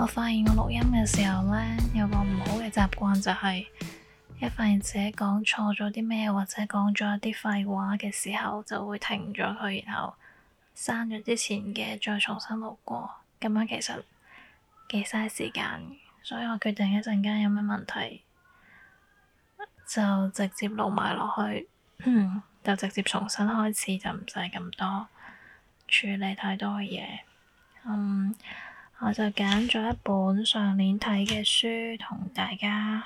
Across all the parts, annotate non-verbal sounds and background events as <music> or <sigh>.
我發現我錄音嘅時候咧，有個唔好嘅習慣就係，一發現自己講錯咗啲咩，或者講咗一啲廢話嘅時候，就會停咗佢，然後刪咗之前嘅，再重新錄過。咁樣其實幾嘥時間，所以我決定一陣間有咩問題就直接錄埋落去，嗯，就直接重新開始，就唔使咁多處理太多嘢。嗯。我就揀咗一本上年睇嘅書，同大家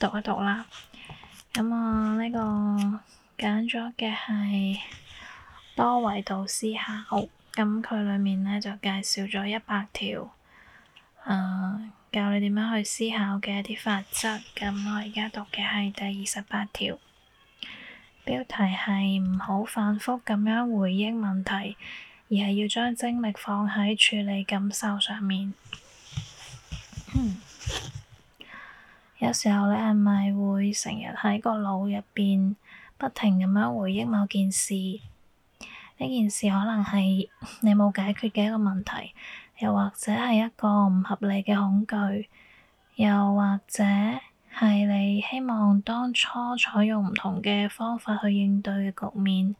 讀一讀啦。咁我呢個揀咗嘅係多維度思考，咁佢裡面咧就介紹咗一百條，誒、呃、教你點樣去思考嘅一啲法則。咁我而家讀嘅係第二十八條，標題係唔好反覆咁樣回憶問題。而係要將精力放喺處理感受上面。 <coughs> 有時候你係咪會成日喺個腦入邊不停咁樣回憶某件事？呢件事可能係你冇解決嘅一個問題，又或者係一個唔合理嘅恐懼，又或者係你希望當初採用唔同嘅方法去應對嘅局面。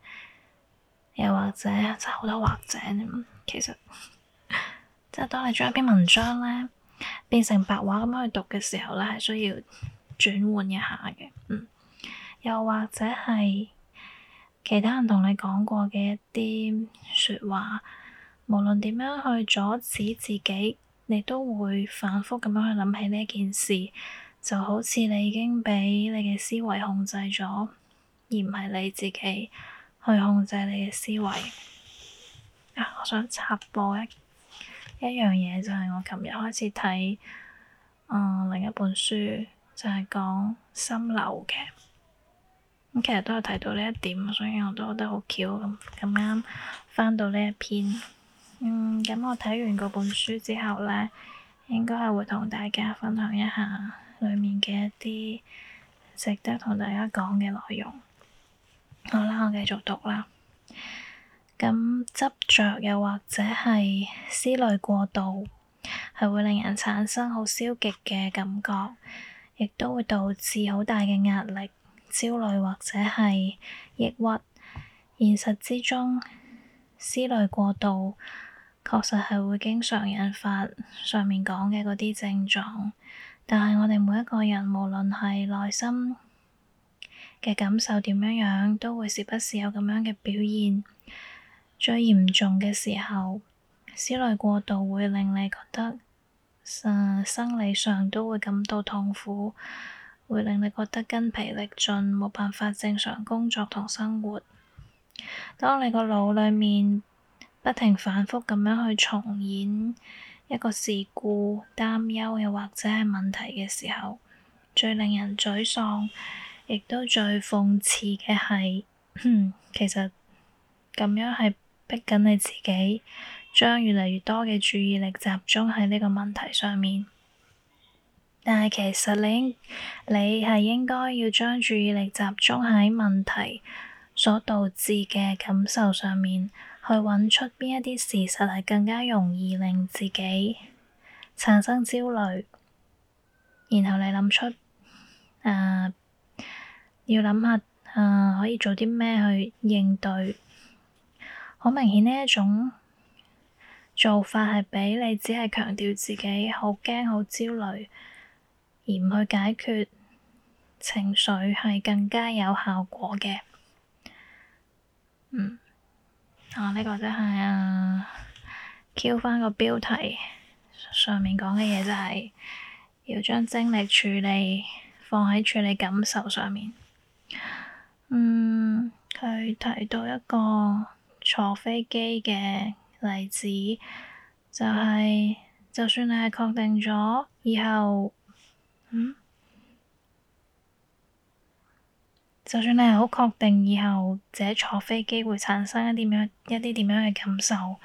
又或者，真係好多或者，其實即係當你將一篇文章咧變成白話咁樣去讀嘅時候咧，係需要轉換一下嘅，嗯。又或者係其他人同你講過嘅一啲說話，無論點樣去阻止自己，你都會反覆咁樣去諗起呢一件事，就好似你已經俾你嘅思維控制咗，而唔係你自己。去控制你嘅思維。啊，我想插播一一樣嘢，就係、是、我琴日開始睇，嗯，另一本書，就係講心流嘅。咁其實都係睇到呢一點，所以我都覺得好巧咁啱翻到呢一篇。嗯，咁我睇完嗰本書之後咧，應該係會同大家分享一下裡面嘅一啲值得同大家講嘅內容。好啦，Alright, 我繼續讀啦。咁執着，又或者係思慮過度，係會令人產生好消極嘅感覺，亦都會導致好大嘅壓力、焦慮或者係抑鬱。現實之中，思慮過度確實係會經常引發上面講嘅嗰啲症狀，但係我哋每一個人，無論係內心嘅感受點樣樣都會時不時有咁樣嘅表現。最嚴重嘅時候，思慮過度會令你覺得，呃，生理上都會感到痛苦，會令你覺得筋疲力盡，冇辦法正常工作同生活。當你個腦裏面不停反復咁樣去重演一個事故、擔憂又或者係問題嘅時候，最令人沮喪。亦都最諷刺嘅係，其實咁樣係逼緊你自己，將越嚟越多嘅注意力集中喺呢個問題上面。但係其實你你係應該要將注意力集中喺問題所導致嘅感受上面，去揾出邊一啲事實係更加容易令自己產生焦慮，然後你諗出誒。呃要諗下，誒、呃、可以做啲咩去應對？好明顯，呢一種做法係比你只係強調自己好驚、好焦慮，而唔去解決情緒係更加有效果嘅。嗯，啊呢、這個真係啊，Q 翻個標題上面講嘅嘢就係要將精力處理放喺處理感受上面。嗯，佢提到一個坐飛機嘅例子，就係、是、就算你係確定咗以後，嗯，就算你係好確定以後自己坐飛機會產生一啲點樣一啲點樣嘅感受，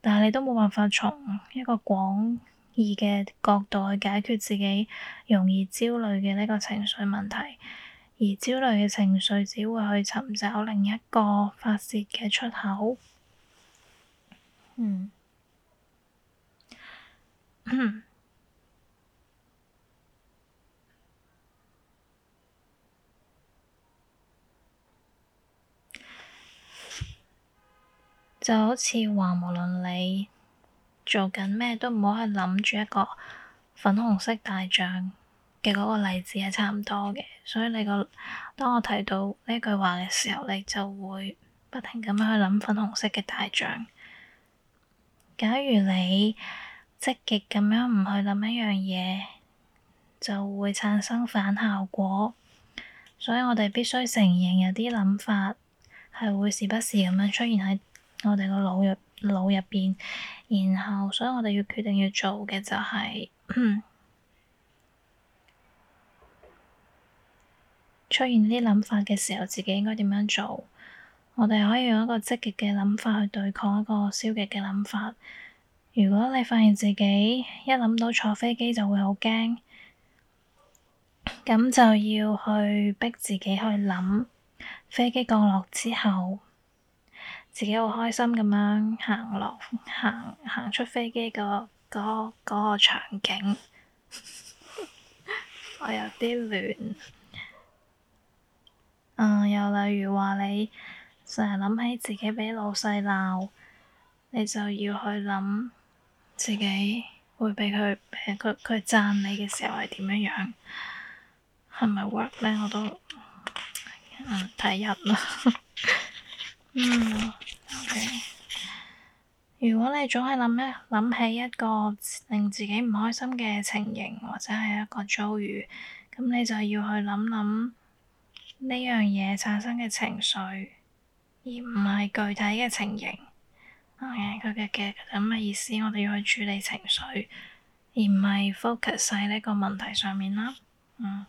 但係你都冇辦法從一個廣義嘅角度去解決自己容易焦慮嘅呢個情緒問題。而焦慮嘅情緒只會去尋找另一個發泄嘅出口，嗯， <laughs> <laughs> 就好似話，無論你做緊咩，都唔好去諗住一個粉紅色大象。嘅嗰個例子係差唔多嘅，所以你個。當我提到呢句話嘅時候，你就會不停咁樣去諗粉紅色嘅大象。假如你積極咁樣唔去諗一樣嘢，就會產生反效果。所以我哋必須承認有啲諗法係會時不時咁樣出現喺我哋個腦入腦入邊，然後所以我哋要決定要做嘅就係、是。 <coughs> 出現呢啲諗法嘅時候，自己應該點樣做？我哋可以用一個積極嘅諗法去對抗一個消極嘅諗法。如果你發現自己一諗到坐飛機就會好驚，咁就要去逼自己去諗飛機降落之後，自己好開心咁樣行落行行出飛機，嗰個嗰嗰，嗰個場景。 <laughs> 我有啲亂。嗯，又例如話你成日諗起自己畀老細鬧，你就要去諗自己會畀佢誒佢佢讚你嘅時候係點樣樣，係咪 work 咧？我都嗯睇人咯。嗯， <laughs> 嗯，OK。如果你總係諗一諗起一個令自己唔開心嘅情形，或者係一個遭遇，咁你就要去諗諗。呢樣嘢產生嘅情緒，而唔係具體嘅情形。o 佢嘅嘅咁嘅意思，我哋要去處理情緒，而唔係 focus 喺呢個問題上面啦。嗯，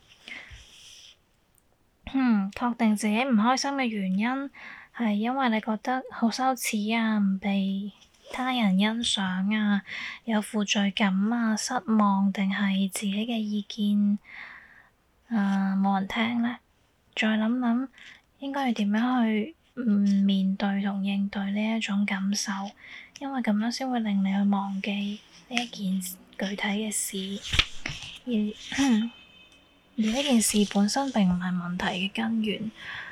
嗯，確 <coughs> 定自己唔開心嘅原因係因為你覺得好羞恥啊，唔被他人欣賞啊，有負罪感啊，失望定係自己嘅意見，誒、呃、冇人聽呢。再諗諗，應該要點樣去面對同應對呢一種感受，因為咁樣先會令你去忘記呢一件具體嘅事，而而呢件事本身並唔係問題嘅根源，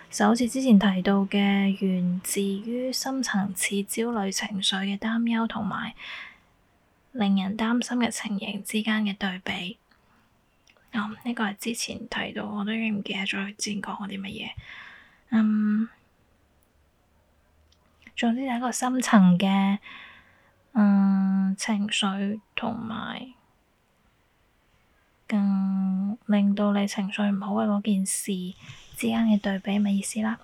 就好似之前提到嘅源自於深層次焦慮情緒嘅擔憂同埋令人擔心嘅情形之間嘅對比。呢、哦這個係之前提到，我都已經唔記得咗佢之前講過啲乜嘢。嗯，總之係一個深層嘅、嗯、情緒同埋，更、嗯、令到你情緒唔好嘅嗰件事之間嘅對比，咪意思啦。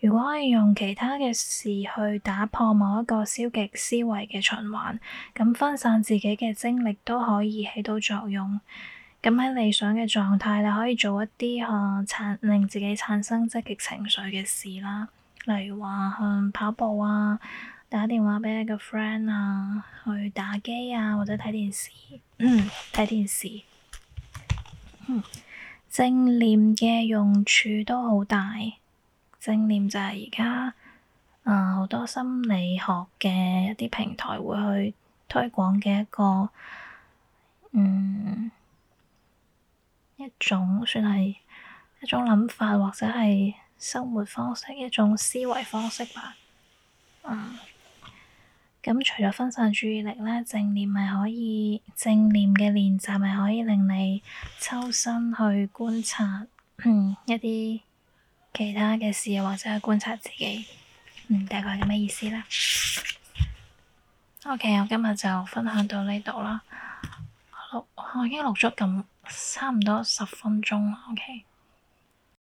如果可以用其他嘅事去打破某一個消極思維嘅循環，咁分散自己嘅精力都可以起到作用。咁喺理想嘅狀態，你可以做一啲可以令自己產生積極情緒嘅事啦，例如話去、嗯、跑步啊，打電話畀你嘅 friend 啊，去打機啊，或者睇電視，嗯、睇電視。嗯、正念嘅用處都好大，正念就係而家好多心理學嘅一啲平台會去推廣嘅一個。一種算係一種諗法，或者係生活方式，一種思維方式吧。嗯。咁除咗分散注意力咧，正念咪可以，正念嘅練習咪可以令你抽身去觀察，嗯，一啲其他嘅事，或者係觀察自己。嗯，大概係咁嘅意思啦。OK，我今日就分享到呢度啦。錄，我已經錄咗咁。差唔多十分鐘啦，OK。